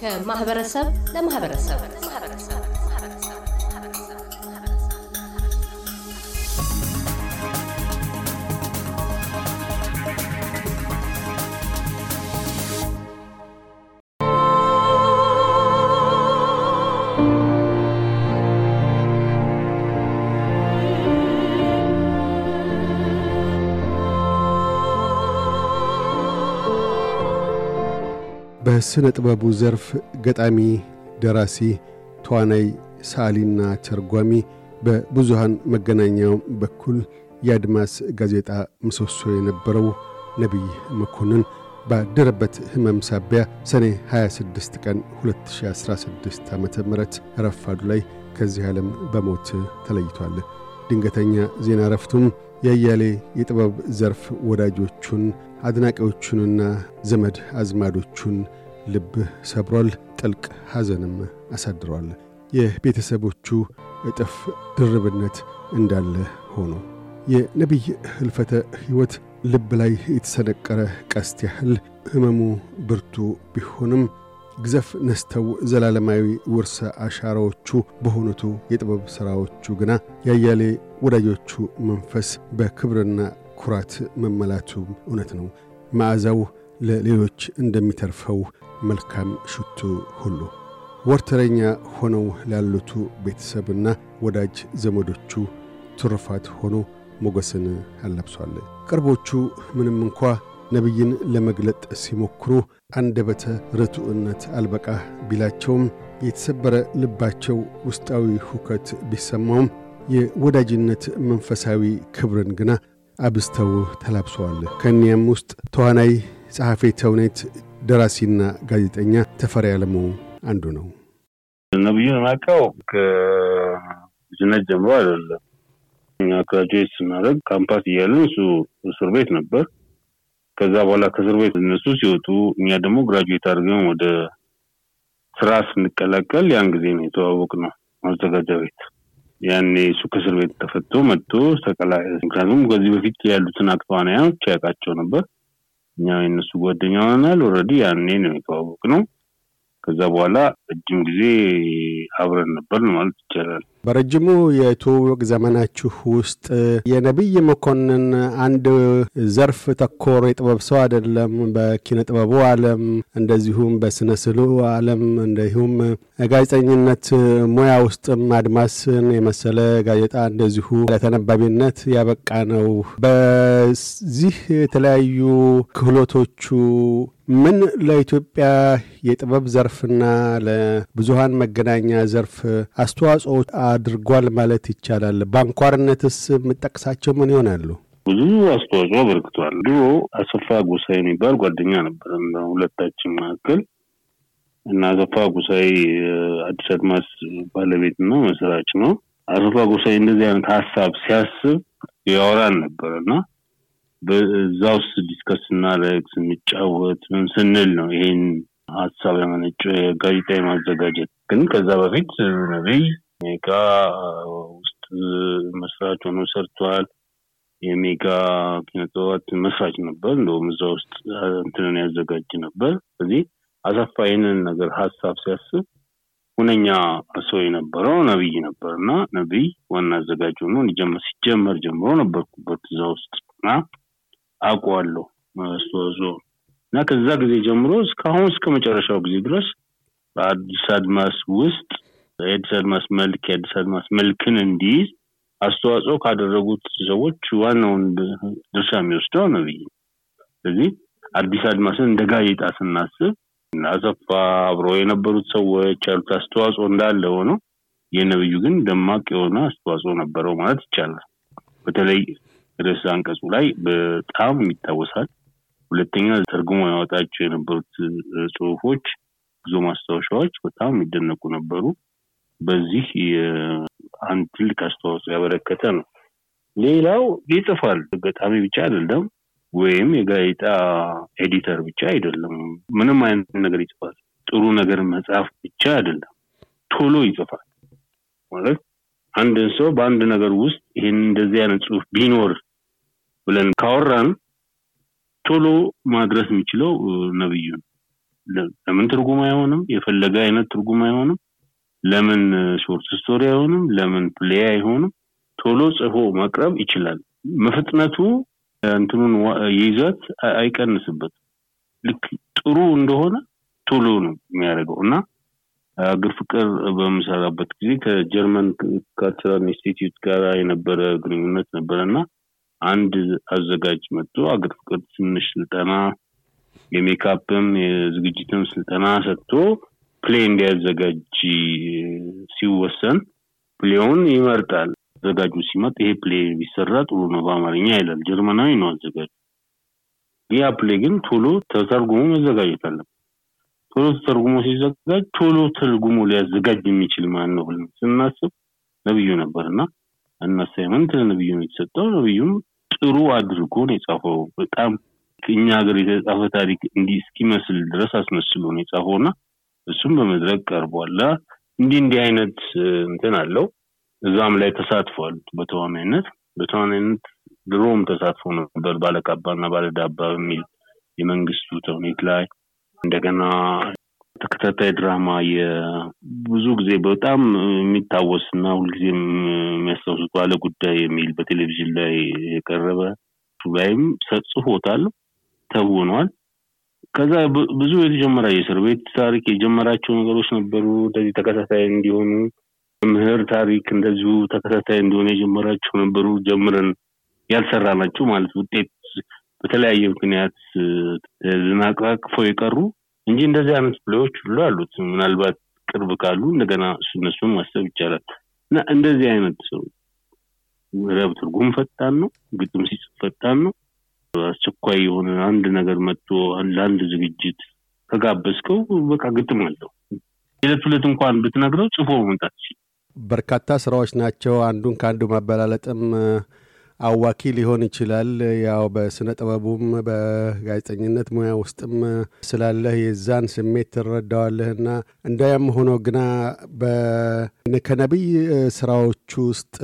ከማህበረሰብ ለማህበረሰብ በሥነ ጥበቡ ዘርፍ ገጣሚ፣ ደራሲ፣ ተዋናይ፣ ሰዓሊና ተርጓሚ በብዙሃን መገናኛው በኩል የአድማስ ጋዜጣ ምሰሶ የነበረው ነቢይ መኮንን ባደረበት ሕመም ሳቢያ ሰኔ 26 ቀን 2016 ዓ ም ረፋዱ ላይ ከዚህ ዓለም በሞት ተለይቷል። ድንገተኛ ዜና ረፍቱም የአያሌ የጥበብ ዘርፍ ወዳጆቹን አድናቂዎቹንና ዘመድ አዝማዶቹን ልብ ሰብሯል፣ ጥልቅ ሐዘንም አሳድሯል። የቤተሰቦቹ እጥፍ ድርብነት እንዳለ ሆኖ የነቢይ ሕልፈተ ሕይወት ልብ ላይ የተሰነቀረ ቀስት ያህል ሕመሙ ብርቱ ቢሆንም ግዘፍ ነስተው ዘላለማዊ ውርሰ አሻራዎቹ በሆኑቱ የጥበብ ሥራዎቹ ግና ያያሌ ወዳጆቹ መንፈስ በክብርና ኩራት መመላቱ እውነት ነው። መዓዛው ለሌሎች እንደሚተርፈው መልካም ሽቱ ሁሉ ወርተረኛ ሆነው ላሉቱ ቤተሰብና ወዳጅ ዘመዶቹ ትሩፋት ሆኖ ሞገስን አላብሷል። ቅርቦቹ ምንም እንኳ ነቢይን ለመግለጥ ሲሞክሩ አንደበተ ርቱዕነት አልበቃ ቢላቸውም፣ የተሰበረ ልባቸው ውስጣዊ ሁከት ቢሰማውም፣ የወዳጅነት መንፈሳዊ ክብርን ግና አብዝተው ተላብሰዋል። ከእኒያም ውስጥ ተዋናይ፣ ጸሐፊ ተውኔት፣ ደራሲና ጋዜጠኛ ተፈሪ ዓለሙ አንዱ ነው። ነብዩን ማቀው ከልጅነት ጀምሮ አይደለም። እኛ ግራጁዌት ስናደርግ ካምፓስ እያለን እሱ እስር ቤት ነበር። ከዛ በኋላ ከእስር ቤት እነሱ ሲወጡ እኛ ደግሞ ግራጁዌት አድርገን ወደ ስራ ስንቀላቀል ያን ጊዜ ነው የተዋወቅ ነው ማዘጋጃ ቤት ያኔ እሱ ከእስር ቤት ተፈቶ መጥቶ ተቀላ ምክንያቱም ከዚህ በፊት ያሉትን አቅፋናያኖች ያውቃቸው ነበር። እኛ የእነሱ ጓደኛ ሆናል። ኦልሬዲ ያኔ ነው የተዋወቅ ነው። ከዛ በኋላ እጅም ጊዜ አብረን ነበር ማለት ይቻላል። በረጅሙ የትውውቅ ዘመናችሁ ውስጥ የነቢይ መኮንን አንድ ዘርፍ ተኮር የጥበብ ሰው አይደለም። በኪነ ጥበቡ ዓለም እንደዚሁም በስነ ስሉ ዓለም እንዲሁም ጋዜጠኝነት ሙያ ውስጥም አድማስን የመሰለ ጋዜጣ እንደዚሁ ለተነባቢነት ያበቃ ነው። በዚህ የተለያዩ ክህሎቶቹ ምን ለኢትዮጵያ የጥበብ ዘርፍና ለብዙሀን መገናኛ ዘርፍ አስተዋጽኦ አድርጓል ማለት ይቻላል። በአንኳርነትስ የምጠቅሳቸው ምን ይሆናሉ? ብዙ አስተዋጽኦ አበርክቷል። ድሮ አሰፋ ጎሳ የሚባል ጓደኛ ነበር ሁለታችን መካከል እና አሰፋ ጎሳዬ አዲስ አድማስ ባለቤትና መስራች ነው። አሰፋ ጉሳይ እንደዚህ አይነት ሀሳብ ሲያስብ ያወራን ነበር እና በዛ ውስጥ ዲስከስ ስናደርግ ስንጫወት ስንል ነው ይሄን ሀሳብ ያመነጨው ጋዜጣ የማዘጋጀት ግን ከዛ በፊት ነቢይ ሜጋ ውስጥ መስራች ሆኖ ሰርቷል። የሜጋ ኪነጥበባት መስራች ነበር። እንደውም እዛ ውስጥ እንትንን ያዘጋጅ ነበር። ስለዚህ አሰፋ ይህንን ነገር ሀሳብ ሲያስብ ሁነኛ ሰው የነበረው ነብይ ነበር እና ነብይ ዋና አዘጋጅ ሆኖ ሲጀመር ጀምሮ ነበርኩበት እዛ ውስጥ እና አቋዋለሁ አስተዋጽኦ እና ከዛ ጊዜ ጀምሮ እስካሁን እስከ መጨረሻው ጊዜ ድረስ በአዲስ አድማስ ውስጥ ኤድ አድማስ መልክ የአዲስ አድማስ መልክን እንዲይዝ አስተዋጽኦ ካደረጉት ሰዎች ዋናውን ድርሻ የሚወስደው ነብይ። ስለዚህ አዲስ አድማስን እንደ ጋዜጣ ስናስብ አሰፋ አብሮ የነበሩት ሰዎች ያሉት አስተዋጽኦ እንዳለ ሆኖ የነብዩ ግን ደማቅ የሆነ አስተዋጽኦ ነበረው ማለት ይቻላል። በተለይ ርዕስ አንቀጹ ላይ በጣም ይታወሳል። ሁለተኛ ተርጉሞ ያወጣቸው የነበሩት ጽሁፎች፣ ብዙ ማስታወሻዎች በጣም የሚደነቁ ነበሩ። በዚህ አንድ ትልቅ አስተዋጽኦ ያበረከተ ነው። ሌላው ይጽፋል። ገጣሚ ብቻ አይደለም ወይም የጋዜጣ ኤዲተር ብቻ አይደለም። ምንም አይነት ነገር ይጽፋል። ጥሩ ነገር መጽሐፍ ብቻ አይደለም፣ ቶሎ ይጽፋል ማለት አንድን ሰው በአንድ ነገር ውስጥ ይህን እንደዚህ አይነት ጽሁፍ ቢኖር ብለን ካወራን ቶሎ ማድረስ የሚችለው ነብዩ ነው። ለምን ትርጉም አይሆንም? የፈለገ አይነት ትርጉም አይሆንም። ለምን ሾርት ስቶሪ አይሆንም? ለምን ፕሌይ አይሆንም? ቶሎ ጽፎ መቅረብ ይችላል። መፍጥነቱ እንትኑን ይዘት አይቀንስበትም። ልክ ጥሩ እንደሆነ ቶሎ ነው የሚያደርገው እና አገር ፍቅር በምሰራበት ጊዜ ከጀርመን ካልቸራል ኢንስቲትዩት ጋር የነበረ ግንኙነት ነበረ እና አንድ አዘጋጅ መጥቶ አገር ፍቅር ትንሽ ስልጠና የሜካፕም የዝግጅትም ስልጠና ሰጥቶ ፕሌ እንዲያዘጋጅ ሲወሰን ፕሌውን ይመርጣል። አዘጋጁ ሲመጥ ይሄ ፕሌ ቢሰራ ጥሩ ነው በአማርኛ ይላል። ጀርመናዊ ነው አዘጋጁ። ያ ፕሌ ግን ቶሎ ተተርጉሞ መዘጋጀት አለበት። ቶሎ ተተርጉሞ ሲዘጋጅ ቶሎ ተርጉሞ ሊያዘጋጅ የሚችል ማን ነው ብለን ስናስብ ነብዩ ነበር እና እና ሳይመንት ለነብዩ ነው የተሰጠው። ነብዩም ጥሩ አድርጎ ነው የጻፈው። በጣም እኛ ሀገር የተጻፈ ታሪክ እንዲህ እስኪመስል ድረስ አስመስሎ ነው የጻፈው እና እሱም በመድረክ ቀርቧል እንዲህ እንዲህ አይነት እንትን አለው። እዛም ላይ ተሳትፏል በተዋናይነት በተዋናይነት ድሮም ተሳትፎ ነበር ባለካባና ባለዳባ በሚል የመንግስቱ ተውኔት ላይ እንደገና ተከታታይ ድራማ የብዙ ጊዜ በጣም የሚታወስ እና ሁልጊዜ የሚያስታውሱት ባለ ጉዳይ የሚል በቴሌቪዥን ላይ የቀረበ ላይም ጽፎታል፣ ተውኗል። ከዛ ብዙ የተጀመረ የእስር ቤት ታሪክ የጀመራቸው ነገሮች ነበሩ። እንደዚህ ተከታታይ እንዲሆኑ ምህር ታሪክ እንደዚሁ ተከታታይ እንዲሆኑ የጀመራቸው ነበሩ። ጀምረን ናቸው ማለት ውጤት በተለያየ ምክንያት ዝናቅራቅፎ የቀሩ እንጂ እንደዚህ አይነት ፕሌዎች ሁሉ አሉት። ምናልባት ቅርብ ካሉ እንደገና እነሱን ማሰብ ይቻላል። እና እንደዚህ አይነት ሰው ረብ ትርጉም ፈጣን ነው። ግጥም ሲጽፍ ፈጣን ነው። አስቸኳይ የሆነ አንድ ነገር መጥቶ ለአንድ ዝግጅት ከጋበዝከው በቃ ግጥም አለው። የዕለት ሁለት እንኳን ብትነግረው ጽፎ መምጣት ይችል። በርካታ ስራዎች ናቸው። አንዱን ከአንዱ ማበላለጥም አዋኪ ሊሆን ይችላል። ያው በስነ ጥበቡም በጋዜጠኝነት ሙያ ውስጥም ስላለህ የዛን ስሜት ትረዳዋለህና እንዳያም ሆኖ ግና ከነቢይ ስራዎቹ ውስጥ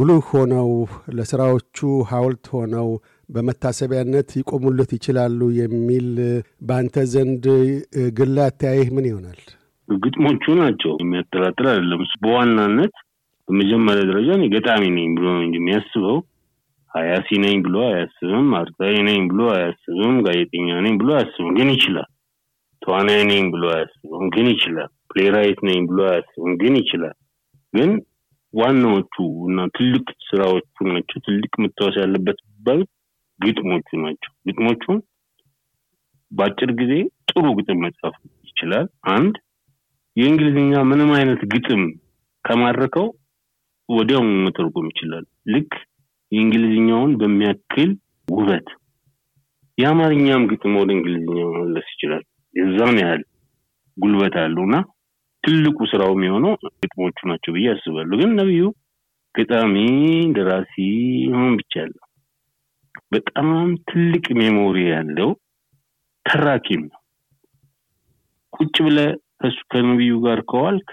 ጉልህ ሆነው ለስራዎቹ ሀውልት ሆነው በመታሰቢያነት ይቆሙለት ይችላሉ የሚል በአንተ ዘንድ ግላ አተያይህ ምን ይሆናል? ግጥሞቹ ናቸው የሚያጠራጥር አይደለም። በዋናነት በመጀመሪያ ደረጃ ገጣሚ ነኝ ብሎ ነው እንጂ የሚያስበው ሀያሲ ነኝ ብሎ አያስብም። አርታዊ ነኝ ብሎ አያስብም። ጋዜጠኛ ነኝ ብሎ አያስብም፣ ግን ይችላል። ተዋናይ ነኝ ብሎ አያስብም፣ ግን ይችላል። ፕሌራይት ነኝ ብሎ አያስብም፣ ግን ይችላል። ግን ዋናዎቹ እና ትልቅ ስራዎቹ ናቸው። ትልቅ መታወስ ያለበት ባሉት ግጥሞቹ ናቸው። ግጥሞቹ በአጭር ጊዜ ጥሩ ግጥም መጻፍ ይችላል። አንድ የእንግሊዝኛ ምንም አይነት ግጥም ከማድረከው ወዲያው መተርጎም ይችላል። ልክ የእንግሊዝኛውን በሚያክል ውበት የአማርኛም ግጥም ወደ እንግሊዝኛ መመለስ ይችላል። የዛን ያህል ጉልበት አለው እና ትልቁ ስራው የሚሆነው ግጥሞቹ ናቸው ብዬ አስባለሁ። ግን ነቢዩ ገጣሚ፣ ደራሲ ሆን ብቻ ያለው በጣም ትልቅ ሜሞሪ ያለው ተራኪም ነው። ቁጭ ብለ ከሱ ከነቢዩ ጋር ከዋልክ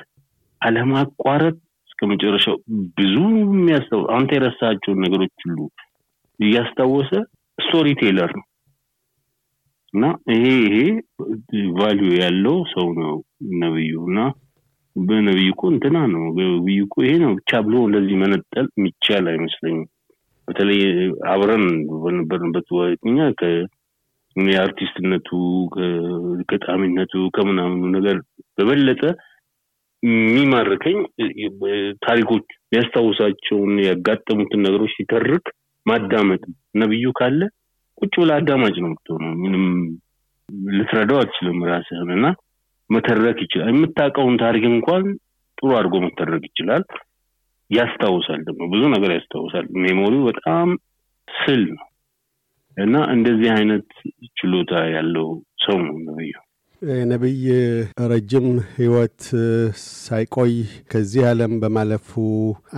አለማቋረጥ እስከ መጨረሻው ብዙ የሚያስታው አንተ የረሳቸውን ነገሮች ሁሉ እያስታወሰ ስቶሪ ቴለር ነው እና ይሄ ይሄ ቫሊዩ ያለው ሰው ነው ነብዩ እና በነብዩ እኮ እንትና ነው ነብዩ እኮ ይሄ ነው ብቻ ብሎ እንደዚህ መነጠል የሚቻል አይመስለኝም። በተለይ አብረን በነበርንበት ዋኛ የአርቲስትነቱ ገጣሚነቱ ከምናምኑ ነገር በበለጠ የሚማርከኝ ታሪኮች ያስታውሳቸውን ያጋጠሙትን ነገሮች ሲተርክ ማዳመጥ ነብዩ ካለ ቁጭ ብላ አዳማጭ ነው ምትሆነ ምንም ልትረዳው አትችልም ራስህን እና መተረክ ይችላል። የምታውቀውን ታሪክ እንኳን ጥሩ አድርጎ መተረክ ይችላል። ያስታውሳል ደግሞ ብዙ ነገር ያስታውሳል። ሜሞሪው በጣም ስል ነው እና እንደዚህ አይነት ችሎታ ያለው ሰው ነው ነብዩ። ነቢይ ረጅም ህይወት ሳይቆይ ከዚህ ዓለም በማለፉ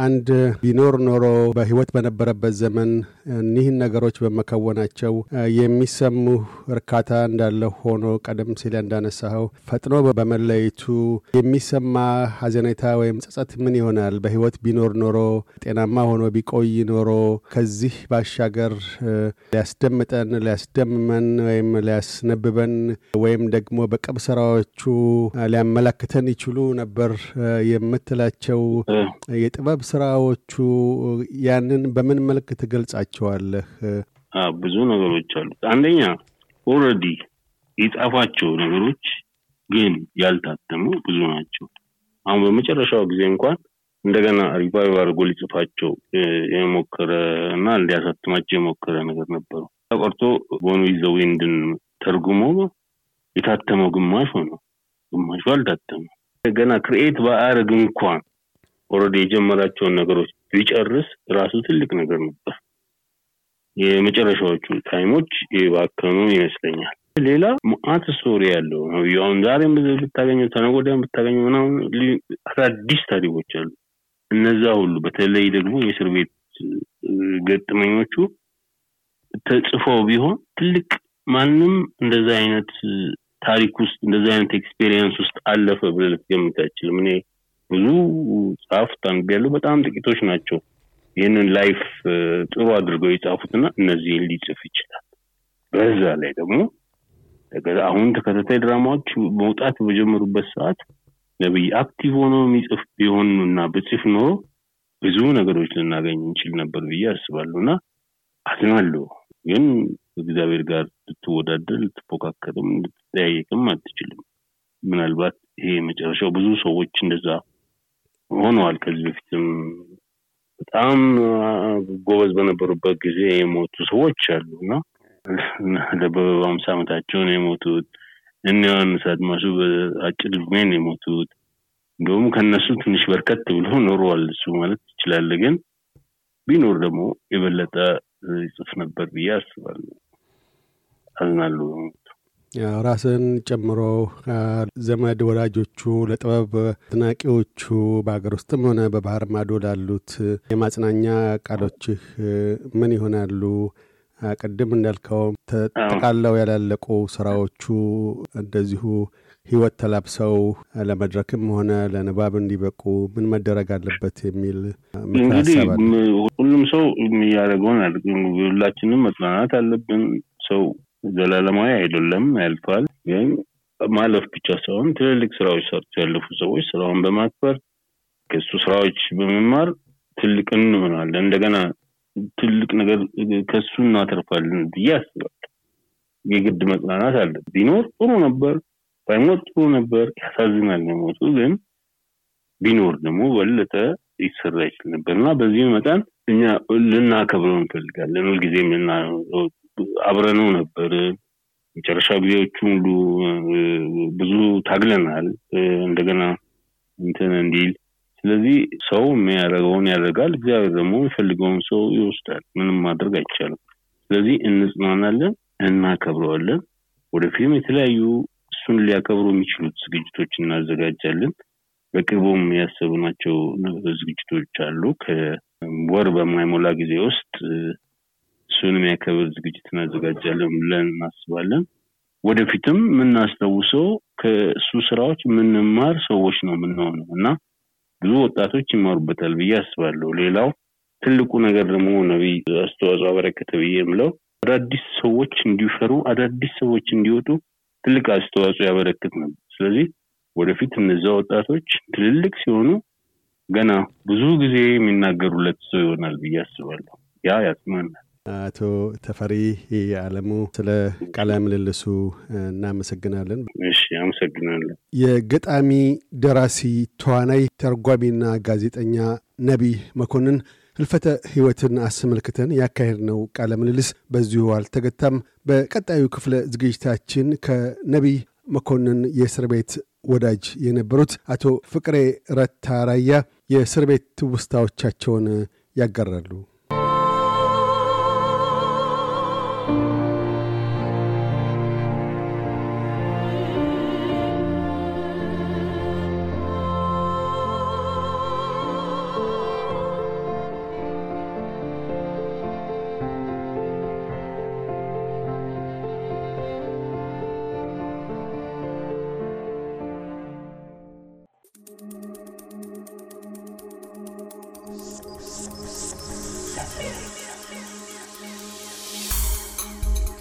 አንድ ቢኖር ኖሮ በህይወት በነበረበት ዘመን እኒህን ነገሮች በመከወናቸው የሚሰሙ እርካታ እንዳለ ሆኖ ቀደም ሲል እንዳነሳኸው ፈጥኖ በመለየቱ የሚሰማ ሀዘኔታ ወይም ጸጸት ምን ይሆናል? በህይወት ቢኖር ኖሮ ጤናማ ሆኖ ቢቆይ ኖሮ ከዚህ ባሻገር ሊያስደምጠን ሊያስደምመን ወይም ሊያስነብበን ወይም ደግሞ በቀብ ስራዎቹ ሊያመላክተን ይችሉ ነበር የምትላቸው የጥበብ ስራዎቹ ያንን በምን መልክ ትገልጻቸዋለህ? ብዙ ነገሮች አሉ። አንደኛ ኦረዲ የጻፏቸው ነገሮች ግን ያልታተሙ ብዙ ናቸው። አሁን በመጨረሻው ጊዜ እንኳን እንደገና ሪቫይቭ አድርጎ ሊጽፋቸው የሞከረ እና እንዲያሳትማቸው የሞከረ ነገር ነበሩ። ተቆርጦ ቦኑ ይዘው ተርጉሞ የታተመው ግማሽ ሆኖ ግማሹ አልታተመ። ገና ክርኤት በአረግ እንኳን ኦረዲ የጀመራቸውን ነገሮች ቢጨርስ ራሱ ትልቅ ነገር ነበር። የመጨረሻዎቹ ታይሞች የባከኑ ይመስለኛል። ሌላ ሙአት ስቶሪ ያለው ነው። አሁን ዛሬም ብታገኘ ተነገ ብታገኘ ምናምን አዳዲስ ታሪኮች አሉ። እነዛ ሁሉ በተለይ ደግሞ የእስር ቤት ገጥመኞቹ ተጽፈው ቢሆን ትልቅ ማንም እንደዛ አይነት ታሪክ ውስጥ እንደዚህ አይነት ኤክስፔሪየንስ ውስጥ አለፈ ብለ ልትገምት አይችልም። እኔ ብዙ ጻፍ ያለው በጣም ጥቂቶች ናቸው ይህንን ላይፍ ጥሩ አድርገው የጻፉትና እነዚህን ሊጽፍ ይችላል። በዛ ላይ ደግሞ አሁን ተከታታይ ድራማዎች መውጣት በጀመሩበት ሰዓት ነብይ አክቲቭ ሆኖ የሚጽፍ እና ብጽፍ ኖሮ ብዙ ነገሮች ልናገኝ እንችል ነበር ብዬ አስባሉ እና አዝናለሁ ግን እግዚአብሔር ጋር ልትወዳደር ልትፎካከርም ሊያየቅም አትችልም። ምናልባት ይሄ የመጨረሻው ብዙ ሰዎች እንደዛ ሆነዋል። ከዚህ በፊትም በጣም ጎበዝ በነበሩበት ጊዜ የሞቱ ሰዎች አሉ እና ለበበብ በሃምሳ ዓመታቸውን የሞቱት እነ ሳድማሱ አድማሱ በአጭር የሞቱት እንደውም ከነሱ ትንሽ በርከት ብሎ ኖረዋል። እሱ ማለት ይችላል። ግን ቢኖር ደግሞ የበለጠ ይጽፍ ነበር ብዬ አስባለሁ። አዝናለሁ። ራስን ጨምሮ ዘመድ ወዳጆቹ፣ ለጥበብ አድናቂዎቹ በሀገር ውስጥም ሆነ በባህር ማዶ ላሉት የማጽናኛ ቃሎችህ ምን ይሆናሉ? ቅድም እንዳልከው ተጠቃለው ያላለቁ ስራዎቹ እንደዚሁ ህይወት ተላብሰው ለመድረክም ሆነ ለንባብ እንዲበቁ ምን መደረግ አለበት የሚል እንግዲህ ሁሉም ሰው የሚያደርገውን ሁላችንም መጽናናት አለብን። ሰው ዘላለማዊ አይደለም ያልፋል። ግን ማለፍ ብቻ ሳይሆን ትልልቅ ስራዎች ሰርቶ ያለፉ ሰዎች ስራውን በማክበር ከሱ ስራዎች በመማር ትልቅ እንሆናለን። እንደገና ትልቅ ነገር ከሱ እናተርፋለን ብዬ አስባል የግድ መጽናናት አለ። ቢኖር ጥሩ ነበር፣ ባይሞት ጥሩ ነበር። ያሳዝናል የሞቱ ግን ቢኖር ደግሞ በለጠ ይሰራ ይችል ነበር እና በዚህ መጠን እኛ ልናከብረው እንፈልጋለን። ሁልጊዜም አብረነው ነበር። መጨረሻ ጊዜዎቹ ሁሉ ብዙ ታግለናል። እንደገና እንትን እንዲል ስለዚህ ሰው የሚያደርገውን ያደርጋል። እግዚአብሔር ደግሞ የሚፈልገውን ሰው ይወስዳል። ምንም ማድረግ አይቻልም። ስለዚህ እንጽናናለን፣ እናከብረዋለን። ወደፊትም የተለያዩ እሱን ሊያከብሩ የሚችሉት ዝግጅቶች እናዘጋጃለን። በቅርቡም ያሰብናቸው ዝግጅቶች አሉ። ወር በማይሞላ ጊዜ ውስጥ እሱንም የክብር ዝግጅት እናዘጋጃለን ብለን እናስባለን። ወደፊትም የምናስታውሰው ከእሱ ስራዎች የምንማር ሰዎች ነው የምንሆነው እና ብዙ ወጣቶች ይማሩበታል ብዬ አስባለሁ። ሌላው ትልቁ ነገር ደግሞ ነቢ አስተዋጽኦ አበረከተ ብዬ የምለው አዳዲስ ሰዎች እንዲፈሩ፣ አዳዲስ ሰዎች እንዲወጡ ትልቅ አስተዋጽኦ ያበረክት ነው ስለዚህ ወደፊት እነዛ ወጣቶች ትልልቅ ሲሆኑ ገና ብዙ ጊዜ የሚናገሩለት ሰው ይሆናል ብዬ አስባለሁ። ያ ያጽናናል። አቶ ተፈሪ አለሙ ስለ ቃለ ምልልሱ እናመሰግናለን። እሺ፣ አመሰግናለን። የገጣሚ ደራሲ፣ ተዋናይ፣ ተርጓሚና ጋዜጠኛ ነቢይ መኮንን ህልፈተ ህይወትን አስመልክተን ያካሄድነው ቃለ ምልልስ በዚሁ አልተገታም። በቀጣዩ ክፍለ ዝግጅታችን ከነቢይ መኮንን የእስር ቤት ወዳጅ የነበሩት አቶ ፍቅሬ ረታ ራያ የእስር ቤት ትውስታዎቻቸውን ያጋራሉ።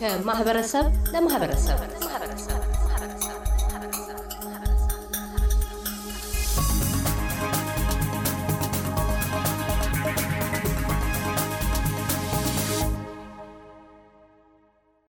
ከማህበረሰብ ለማህበረሰብ